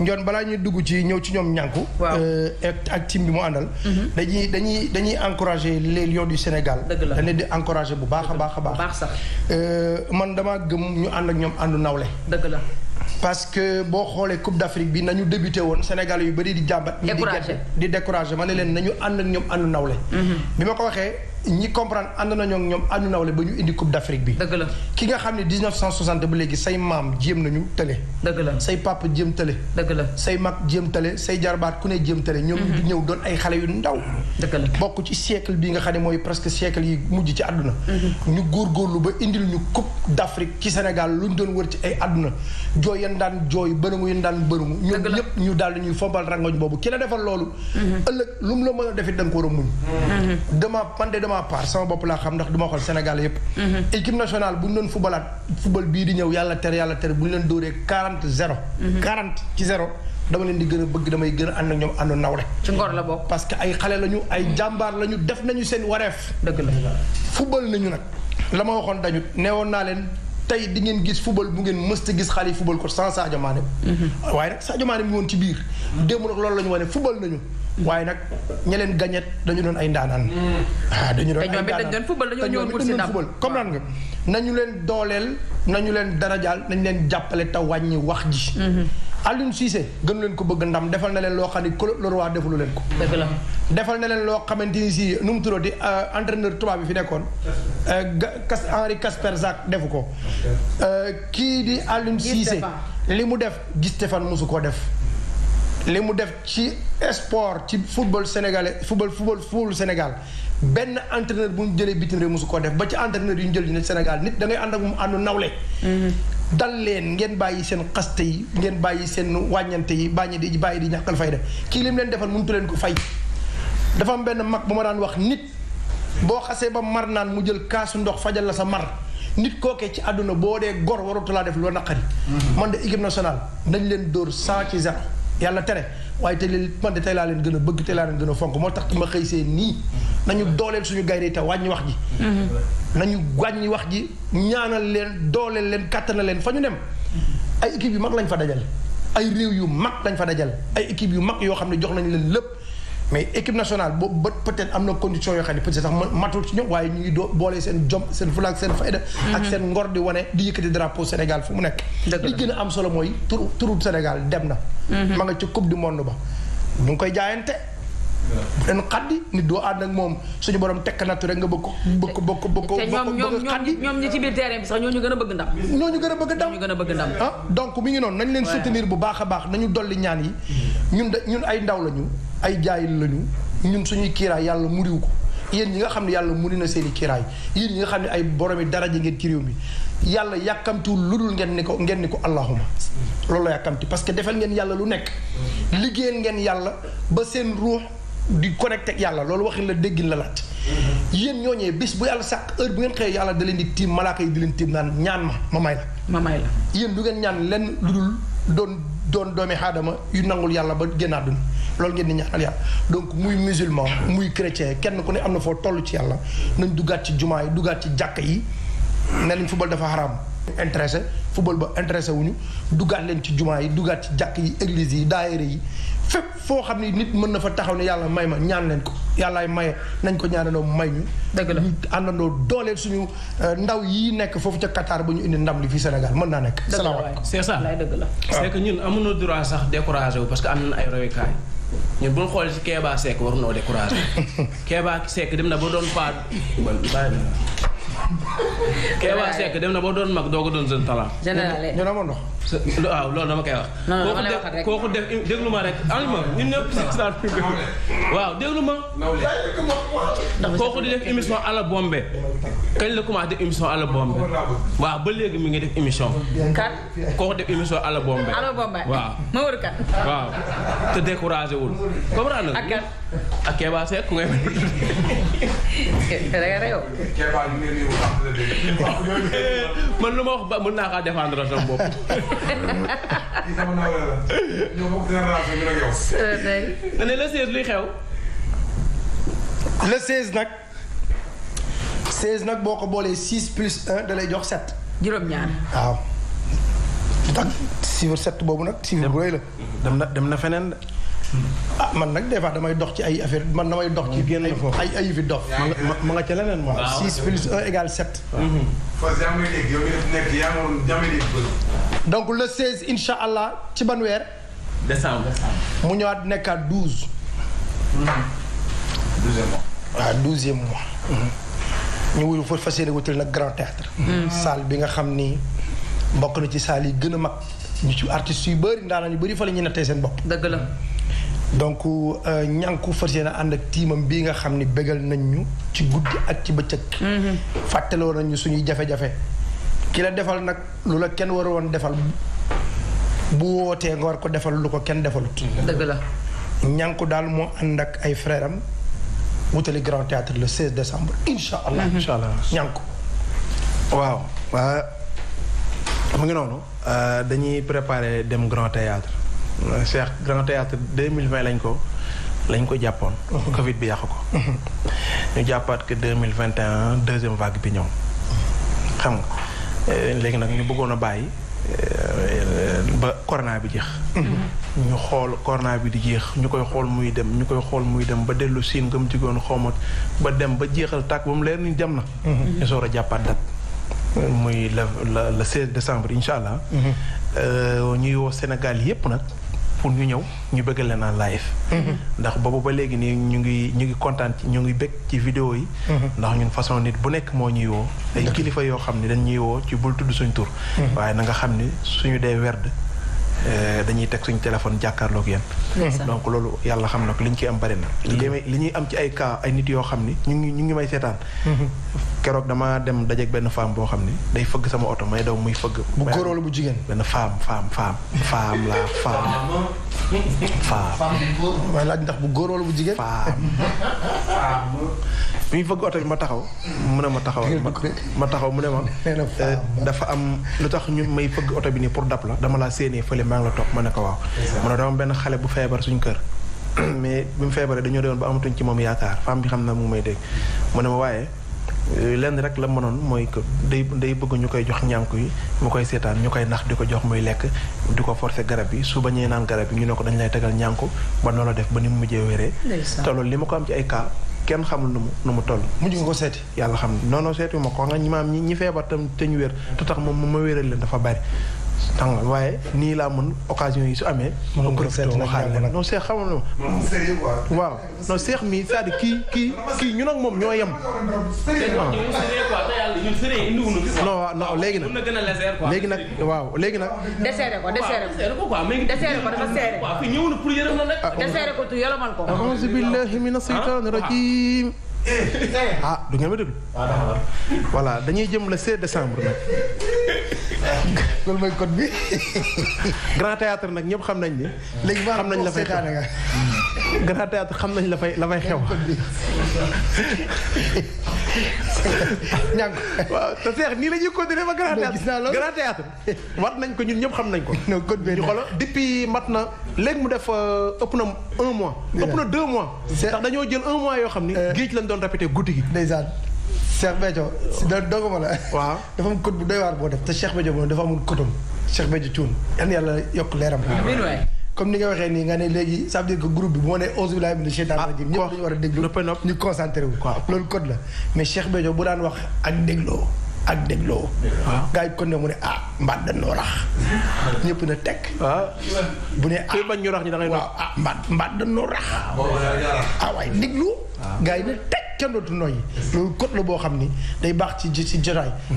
njoon balaa ñuy dugg ci ñëw ci ñoom ñànku euh, ak team bi mu àndal mhm. dañuy dañuy dañuy encourager les lions du Sénégal dañ leen di encourager bu baax a baax a baax euh, man damaa gëm ñu ànd ak ñoom àndu nawle dëgg la parce que boo xoolee Coupe d'Afrique bi nañu débuté woon Sénégal yu bëri di jàmbat ñi di découragé ma ne leen nañu ànd ak ñoom àndu nawle mhm. bi ma ko waxee ñi comprendre ànd nañoo ak ñoom ànd nawle ba ñu indi coupe d'Afrique bi. dëgg la ki nga xam ne 1960 ba léegi say maam jéem nañu tële. say papa jéem tële. say mag jéem tële say jarbaat ku ne jéem tële. ñoom ñu mhm. ñëw doon ay xale yu ndaw. dëgg la bokk ci siècle bi nga xam ne mooy presque siècle yi mujj ci àdduna. Mhm. ñu góorgóorlu ba indil ñu coupe d'Afrique ci Sénégal ñu doon wër ci ay àdduna jooy yan daan jooy bërëmu yan daan bërëmu. dëgg ñoom ñëpp ñu daal ñuy fombal rangoñ boobu ki la defal loolu. Mhm. ëllëg lu la mën a defit da ko war a muñ à part sama bopp laa xam ndax du ma xool yépp mhm. équipe nationale bu ñu doon fubalaat fubal bii di ñëw yàlla ter yàlla ter bu ñu leen dóoree quarante zéro mhm. quarante ci zéro dama leen di gën a bëgg damay gën a ànd ak ñoom àndu nawle ci ay xale lañu ay mhm. jàmbaar lañu def nañu seen wareef dëgg nañu nag la waxoon dañu neewoon naa leen tay di ngeen gis football bu ngeen mësta gis xali football ko sans sadio mané mhm. waye nak sadio mané mi won ci bir dem nak lolou lañu wone football nañu waye nak ñeleen gagné dañu don ay ndanan mhm. ah dañu don ay ndanan dañu football dañu ñëw pour ci ndam football comme nan nga nañu leen dolel nañu leen darajal nañu leen jappalé taw wañi wax ji mhm. Aliou Cissé gënu leen ko bëgg ndam defal na leen loo xam ne Claude Leroy defulu leen ko. dëgg la defal na leen loo xamante ni si nu mu tuddati euh, entraîneur tubaab bi fi nekkoon. Cas euh, Henri Kasper Zak defu ko. Euh, kii di Aliou Cissé li mu def gis Stéphane mosu koo def. li mu def ci sport ci football sénégalais football football football senegal benn entraîneur bu ñu jëlee bitim réew mosu koo def ba ci entraîneur yu ñu jël ñu ne Sénégal nit da ànd ak mu àndu nawle. Mm-hmm. dal leen ngeen bàyyi seen xaste yi ngeen bàyyi seen wàññante yi bàññi di bàyyi di ñàkkal fayda kii leen leen defal mënutu leen ko fay dafa am benn mag bu ma daan wax nit boo xasee ba mar naan mu jël kaasu ndox fajal la sa mar nit kookee ci àdduna boo dee gor waratu laa def loo naqari mm-hmm. man de équipe nationale dañ leen dóor 100 ci 0 yàlla tere waaye te leen man de tey laa leen gën a bëgg tey laa leen gën a fonk moo tax ma xëy seen nii nañu dooleen suñu gaynde te wàññi wax ji nañu wàññi wax ji ñaanal leen dooleen leen kàttanal leen fa ñu dem ay équipe yu mag lañ fa dajal ay réew yu mag lañ fa dajal ay équipe yu mag yoo xam ne jox nañ leen lépp mais équipe nationale boobu peut-être am na condition yoo xam ne sax matul ci ñoom waaye ñu doo boole seen jom seen fulaak seen fayda mhm. ak seen ngor di wane di yëkkati drapeau Sénégal fu mu nekk li gën a am solo mooy turu turu Sénégal dem na mhm. ma nga ci coupe du monde ba ñu ngi koy jaayante en xaddi nit doo ànd ak moom suñu borom tekk nattu rek nga bëgg ko bëgg ko bëgg ko bëgg ko bëgg xaddi ñoom ñi a bëgg a bëgg ndam ñoo ñu gën a bëgg ndam ah donc ngi noonu nañ leen soutenir bu baax a baax nañu dolli ñaan yi ñun da ñun ay ndaw lañu ay jaayil lañu ñun suñuy kiiraay yàlla muriwu ko yéen yi nga xam ne yàlla muri na seen i kiiraay yéen ñi nga xam ne ay boromi daraja ngeen ci réew mi yàlla yàkkamtiwul lu dul ngeen ni ko ngeen ni ko allahuma loolu la yàkkamti parce que defal ngeen yàlla lu nekk mm. liggéeyal ngeen yàlla ba seen ruux di connecté ak yàlla loolu waxin la déggin la laat yéen ñooñee bis bu yàlla sàkk heure bu ngeen xëyee yàlla da leen di tiim malaaka yi di leen tiim naan ñaan ma ma may la ma yéen du ngeen ñaan leen lu dul doon doon doomi aadama yu nangul yàlla ba génn àdduna loolu ngeen di ñaanal yàlla donc muy musulman muy chrétien kenn ku ne am na foo toll ci yàlla nañ duggaat ci jumaa yi duggaat ci jàkk yi ne lañ football dafa xaraam intéressé football ba intéressé wu ñu duggaat leen ci jumaa yi duggaat ci jàkk yi église yi daayira yi fépp foo xam ne nit mën na fa taxaw ne yàlla may ma ñaan leen ko yàllaay maye nañ ko ñaanandoo may ñu. dëgg la ñu àndandoo dooleel suñu euh, ndaw yi nekk foofu ca Qatar ba ñu indi ndam li fii Sénégal mën naa nekk. dëgg la waay c'est ça c'est que ñun amuñu droit sax découragé wu parce que am na ay royukaay. ñun bu ñu xoolee ci Kéba Seck war noo découragé Kéba Seck dem na ba doon paat Kéba Seck dem na boo doon mag doo ko doon jeune talent. général ñu eh. amoon waaw loolu dama koy wax. kooku def déglu ma rek. alima ñun ñëpp si saa waaw déglu kooku def émission à la bombe. kañ la commencé def émission à bombe. waaw ba léegi mi ngi def émission. kat kooku def émission à bombe. waaw. ma wër kat. waaw te découragé wul comprendre nga. ak Kéba Seck ngay man lu ma wax ba mën naa kaa défendre sama bopp. nga ne le luy xew. le 16 nag. 16 nag boo ko boolee 6 plus 1 da jox 7. juróom-ñaar waaw. ndax chiffre 7 boobu nag. chiffre bu rëy la. dem na dem na feneen ah man nag des fois damay dox ci ay affaire man damay dox ci génn foofu ay ay fi dox ma nga ca leneen moom six plus un égale sept donc le 16 insha allah ci ban weer décembre mu ñëwaat nekkaat douze mhm. douzième mois waaw ah, douzième mois mhm. ñu wuyu fa fas yéene wutal nag grand théâtre mhm. salle bi nga xam ni bokk na ci salle yi gën a mag ñu ci artistes yu bëri ndaanaan yu bëri fa la ñuy nattee seen bopp dëgg la donc euh, ñànku fas yéene ànd ak tiimam bii nga xam ni bégal nañ ñu ci guddi ak ci bëccëg. Mhm. fàttaloo nañ suñuy jafe-jafe. ki la defal nag lu la kenn war woon defal bu wootee nga war ko defal lu ko kenn defalut. dëgg la ñànku daal moo ànd ak ay frères am wutali grand théâtre le 16 décembre incha allah. Mhm. incha allah ñànku waaw. waa mu ngi noonu euh, dañuy préparer dem grand théâtre Cheikh Grand mille 2020 lañ ko lañ ko jàppoon. Covid bi yàq ko. ñu jàppaat vingt an deuxième vague bi ñëw. xam nga eh, léegi nag ñu bëggoon a bàyyi eh, ba corona bi jeex. ñu xool corona bi di jeex ñu koy xool muy dem ñu koy xool muy dem ba dellu siin gëm jigéen xoomat ba dem ba jeexal tàkk ba mu leer ni dem na. ñu soor jàppaat date. muy le le le 16 décembre incha allah. Mhm. Eh, ñuy woo Sénégal yépp nag. pour ñu ñëw ñu bëgg leen en mm-hmm. ndax boobu ba léegi nii ñu ngi ñu ngi kontaan ñu ngi bëgg ci vidéo yi. Mm-hmm. ndax ñun façon nit bu nekk moo ñuy woo. ay kilifa yoo xam ne dañ ñuy woo ci bul tudd suñ tur. Mm-hmm. waaye na nga xam ni suñu dee werd eh, dañuy teg suñu téléphone jàkkaarlook yéen. donc loolu yàlla xam na ko liñ ci am bari na. li ñuy am ci ay cas ay nit yoo xam ni ñu ngi ñu ngi may seetaan. keroog damaa dem daje benn femme boo xam ne day fëgg sama oto may daw muy fëgg. bu góor bu jigéen. benn femme femme femme. femme la femme. femme. bu góor. waaye ndax bu góor bu jigéen. femme. bi ñu fëgg oto bi ma taxaw. mu ne ma taxaw ma taxaw mu ne ma. Euh, dafa am lu tax ñu may fëgg oto bi nii pour dab la. dama laa séenee fële maa ngi la toog ma ne ko waaw. mu ne dama benn xale bu feebar suñ kër. mais bi mu feebaree dañoo doon ba amatuñ ci moom yaakaar femme bi xam na mu may dégg mu ne ma waaye. Euh, lenn rek la mënoon mooy que day day bëgg ñu koy jox ñànku yi mu koy seetaan ñu koy nax di ko jox muy lekk di ko forcer garab yi su bañee naan garab yi ñu ne ko dañ lay tegal ñànku ba noonu la def ba ni mu mujjee wéree te li ma ko am ci ay cas kenn xamul nu mu nu mu toll mujj nga ko seeti yàlla xam ne non non seeti ma ko nga ñi maam ñi ñi feebar tam te ñu wér te tax moom ma wéral leen dafa bari tàng waaye nii laa mën occasion yi su amee. moom bu seet nag ñaar nag non seex xamal na ma. moom sérieux quoi. waaw non seex mi c'est-à-dire kii kii kii ñun ak moom ñoo yem. Ah. non waaw non léegi nag. léegi nag waaw léegi nag. deseere ko deseere ko. deseere ko dafa seere. Ah, deseere ko tu yolomal ko. auzu billahi mina seytaani rajim eh, eh. ah du ngeen ma déglu. Ah, voilà dañuy jëm le 16 décembre nag. loolu mooy code bi. grand théâtre nag ñëpp xam nañ ni. léegi xam nañ la fay xew grand théâtre xam nañ la fay la fay xew. ñàkk waaw te seex nii la ñuy continuer ba grand théâtre. grand théâtre wat nañ ko ñun ñëpp xam nañ ko. non code bi ñu xoolal depuis mat na léegi mu def euh, ëpp na un mois. ëpp na deux mois. ndax dañoo jël un mois yoo xam ni. Euh. géej lañ doon répété guddi gi. ndeysaan. Cheikh Béthio si da dooguma la waaw dafa am code bu doy waar boo def te Cheikh Béthio boobu dafa amul codam Cheikh Béthio Thioune yan yàlla yokk comme ni nga waxee nii nga ne léegi sa veut dire que groupe bi bu ma nee auzu billaahi mina sheytaani rajiim ñëpp dañu war ñu concentré wu loolu code la mais Cheikh Béthio bu daan wax ak dégloo ak dégloo gaa yi kon ne mu ne ah mbaat dañoo rax ñëpp na teg ah. bu ne ah bañ ñu rax ñi da ngay ah, waaw ah mbaat mbaat dañoo rax ah gaa ah, yi na teg kenn dootu noyyi loolu code la boo xam ni day baax ci ci jotaay